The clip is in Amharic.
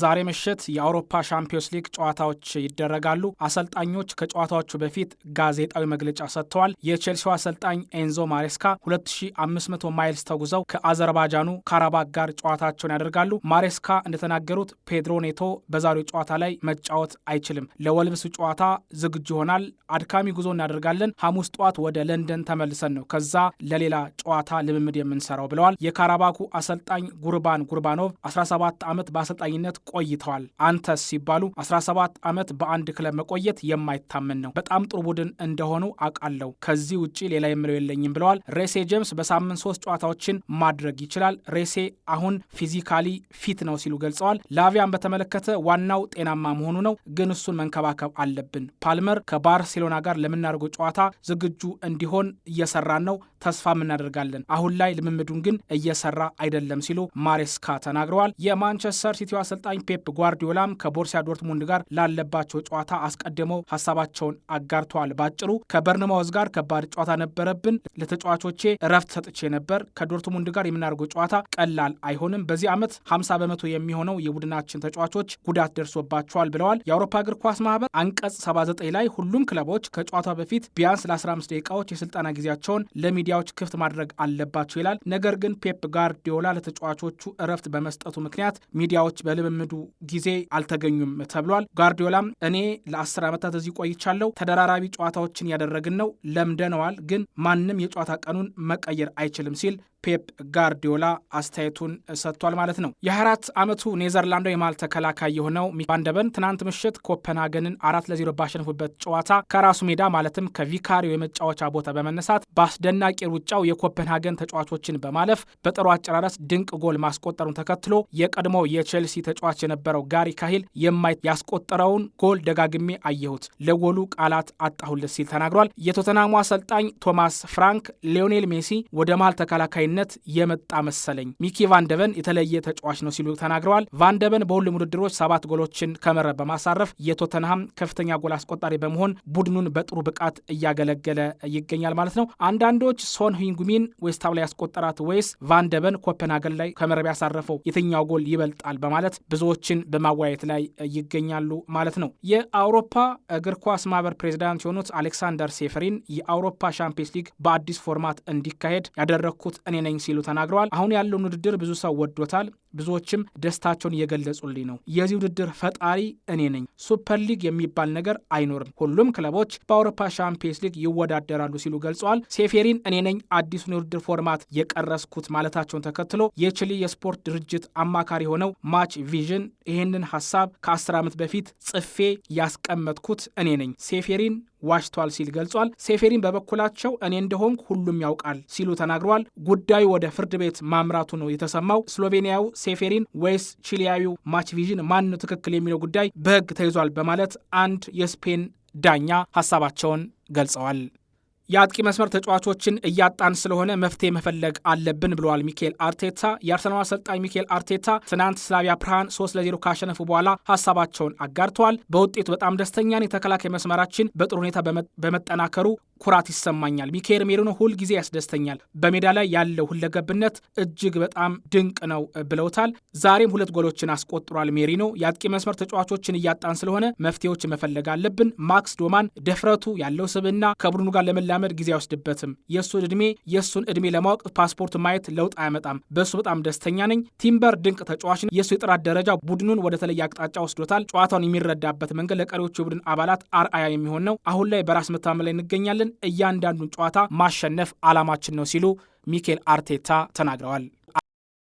ዛሬ ምሽት የአውሮፓ ሻምፒዮንስ ሊግ ጨዋታዎች ይደረጋሉ። አሰልጣኞች ከጨዋታዎቹ በፊት ጋዜጣዊ መግለጫ ሰጥተዋል። የቼልሲው አሰልጣኝ ኤንዞ ማሬስካ 2500 ማይልስ ተጉዘው ከአዘርባጃኑ ካራባክ ጋር ጨዋታቸውን ያደርጋሉ። ማሬስካ እንደተናገሩት ፔድሮ ኔቶ በዛሬው ጨዋታ ላይ መጫወት አይችልም። ለወልብስ ጨዋታ ዝግጁ ይሆናል። አድካሚ ጉዞ እናደርጋለን። ሐሙስ ጠዋት ወደ ለንደን ተመልሰን ነው ከዛ ለሌላ ጨዋታ ልምምድ የምንሰራው ብለዋል። የካራባኩ አሰልጣኝ ጉርባን ጉርባኖቭ 17 ዓመት በአሰልጣኝነት ቆይተዋል። አንተስ ሲባሉ 17 ዓመት በአንድ ክለብ መቆየት የማይታመን ነው። በጣም ጥሩ ቡድን እንደሆኑ አውቃለሁ። ከዚህ ውጭ ሌላ የምለው የለኝም ብለዋል። ሬሴ ጄምስ በሳምንት ሶስት ጨዋታዎችን ማድረግ ይችላል። ሬሴ አሁን ፊዚካሊ ፊት ነው ሲሉ ገልጸዋል። ላቪያን በተመለከተ ዋናው ጤናማ መሆኑ ነው፣ ግን እሱን መንከባከብ አለብን። ፓልመር ከባርሴሎና ጋር ለምናደርገው ጨዋታ ዝግጁ እንዲሆን እየሰራን ነው፣ ተስፋም እናደርጋለን። አሁን ላይ ልምምዱን ግን እየሰራ አይደለም ሲሉ ማሬስካ ተናግረዋል። የማንቸስተር ሲቲው አሰልጣኝ አሰልጣኝ ፔፕ ጓርዲዮላም ከቦርሲያ ዶርትሙንድ ጋር ላለባቸው ጨዋታ አስቀድመው ሀሳባቸውን አጋርተዋል። ባጭሩ ከበርንማውዝ ጋር ከባድ ጨዋታ ነበረብን። ለተጫዋቾቼ እረፍት ሰጥቼ ነበር። ከዶርትሙንድ ጋር የምናደርገው ጨዋታ ቀላል አይሆንም። በዚህ ዓመት 50 በመቶ የሚሆነው የቡድናችን ተጫዋቾች ጉዳት ደርሶባቸዋል ብለዋል። የአውሮፓ እግር ኳስ ማህበር አንቀጽ 79 ላይ ሁሉም ክለቦች ከጨዋታ በፊት ቢያንስ ለ15 ደቂቃዎች የስልጠና ጊዜያቸውን ለሚዲያዎች ክፍት ማድረግ አለባቸው ይላል። ነገር ግን ፔፕ ጓርዲዮላ ለተጫዋቾቹ እረፍት በመስጠቱ ምክንያት ሚዲያዎች በልምምድ በልምምዱ ጊዜ አልተገኙም ተብሏል። ጓርዲዮላም እኔ ለአስር ዓመታት እዚህ ቆይቻለሁ፣ ተደራራቢ ጨዋታዎችን ያደረግን ነው፣ ለምደነዋል፣ ግን ማንም የጨዋታ ቀኑን መቀየር አይችልም ሲል ፔፕ ጋርዲዮላ አስተያየቱን ሰጥቷል ማለት ነው። የ24 ዓመቱ ኔዘርላንዳዊ ተከላካይ የሆነው ሚኪ ትናንት ምሽት ኮፐንሃገንን አራት ለዜሮ ባሸንፉበት ጨዋታ ከራሱ ሜዳ ማለትም ከቪካሪዮ የመጫወቻ ቦታ በመነሳት በአስደናቂ ሩጫው የኮፐንሃገን ተጫዋቾችን በማለፍ በጥሩ አጨራረስ ድንቅ ጎል ማስቆጠሩን ተከትሎ የቀድሞ የቼልሲ ተጫዋች የነበረው ጋሪ ካሂል የማይ ያስቆጠረውን ጎል ደጋግሜ አየሁት፣ ለጎሉ ቃላት አጣሁለት ሲል ተናግሯል። የቶተናሙ አሰልጣኝ ቶማስ ፍራንክ ሊዮኔል ሜሲ ወደ መሃል ተከላካይ ተቀባይነት የመጣ መሰለኝ። ሚኪ ቫንደቨን የተለየ ተጫዋች ነው ሲሉ ተናግረዋል። ቫንደቨን በሁሉም ውድድሮች ሰባት ጎሎችን ከመረብ በማሳረፍ የቶተንሃም ከፍተኛ ጎል አስቆጣሪ በመሆን ቡድኑን በጥሩ ብቃት እያገለገለ ይገኛል ማለት ነው። አንዳንዶች ሶን ሂንጉሚን ዌስትሃም ላይ ያስቆጠራት ወይስ ቫንደቨን ኮፐንሃገን ላይ ከመረብ ያሳረፈው የትኛው ጎል ይበልጣል በማለት ብዙዎችን በማወያየት ላይ ይገኛሉ ማለት ነው። የአውሮፓ እግር ኳስ ማህበር ፕሬዚዳንት የሆኑት አሌክሳንደር ሴፈሪን የአውሮፓ ሻምፒየንስ ሊግ በአዲስ ፎርማት እንዲካሄድ ያደረግኩት እኔ ነኝ ሲሉ ተናግረዋል። አሁን ያለውን ውድድር ብዙ ሰው ወዶታል። ብዙዎችም ደስታቸውን እየገለጹልኝ ነው። የዚህ ውድድር ፈጣሪ እኔ ነኝ። ሱፐር ሊግ የሚባል ነገር አይኖርም። ሁሉም ክለቦች በአውሮፓ ሻምፒየንስ ሊግ ይወዳደራሉ ሲሉ ገልጸዋል። ሴፌሪን እኔ ነኝ አዲሱን የውድድር ፎርማት የቀረስኩት ማለታቸውን ተከትሎ የቺሊ የስፖርት ድርጅት አማካሪ የሆነው ማች ቪዥን ይህንን ሀሳብ ከአስር ዓመት በፊት ጽፌ ያስቀመጥኩት እኔ ነኝ ሴፌሪን ዋሽቷል ሲል ገልጿል። ሴፌሪን በበኩላቸው እኔ እንደሆንኩ ሁሉም ያውቃል ሲሉ ተናግረዋል። ጉዳዩ ወደ ፍርድ ቤት ማምራቱ ነው የተሰማው። ስሎቬንያው ሴፌሪን ወይስ ቺሊያዊው ማችቪዥን ማን ነው ትክክል የሚለው ጉዳይ በሕግ ተይዟል በማለት አንድ የስፔን ዳኛ ሀሳባቸውን ገልጸዋል። የአጥቂ መስመር ተጫዋቾችን እያጣን ስለሆነ መፍትሄ መፈለግ አለብን ብለዋል ሚካኤል አርቴታ። የአርሰናል አሰልጣኝ ሚካኤል አርቴታ ትናንት ስላቪያ ፕራሃን ሶስት ለዜሮ ካሸነፉ በኋላ ሀሳባቸውን አጋርተዋል። በውጤቱ በጣም ደስተኛን የተከላካይ መስመራችን በጥሩ ሁኔታ በመጠናከሩ ኩራት ይሰማኛል። ሚካኤል ሜሪኖ ሁልጊዜ ያስደስተኛል። በሜዳ ላይ ያለው ሁለገብነት እጅግ በጣም ድንቅ ነው ብለውታል። ዛሬም ሁለት ጎሎችን አስቆጥሯል። ሜሪኖ የአጥቂ መስመር ተጫዋቾችን እያጣን ስለሆነ መፍትሄዎች መፈለግ አለብን። ማክስ ዶማን ደፍረቱ ያለው ስብና ከቡድኑ ጋር ለመላመድ ጊዜ አይወስድበትም። የእሱን እድሜ የእሱን እድሜ ለማወቅ ፓስፖርት ማየት ለውጥ አያመጣም። በእሱ በጣም ደስተኛ ነኝ። ቲምበር ድንቅ ተጫዋች ነው። የእሱ የጥራት ደረጃ ቡድኑን ወደ ተለየ አቅጣጫ ወስዶታል። ጨዋታውን የሚረዳበት መንገድ ለቀሪዎቹ የቡድን አባላት አርአያ የሚሆን ነው። አሁን ላይ በራስ መተማመን ላይ እንገኛለን። እያንዳንዱን ጨዋታ ማሸነፍ ዓላማችን ነው ሲሉ ሚኬል አርቴታ ተናግረዋል።